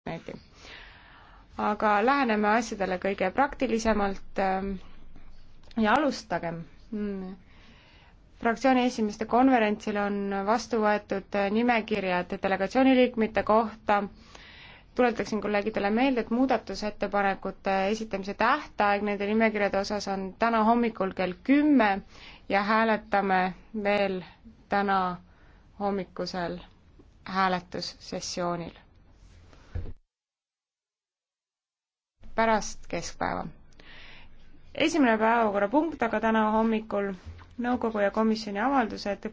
interneti. aga läheneme asjadele kõige praktilisemalt ähm, ja alustagem. Hmm. fraktsiooni esimeeste konverentsil on vastu võetud äh, nimekirjad delegatsiooni liikmete kohta, tuletaksin kolleegidele meelde, et muudatusettepanekute esitamise tähtaeg nende nimekirjade osas on täna hommikul kell kümme ja hääletame veel täna hommikusel hääletussessioonil pärast keskpäeva. esimene päevakorrapunkt aga täna hommikul nõukogu ja komisjoni avaldused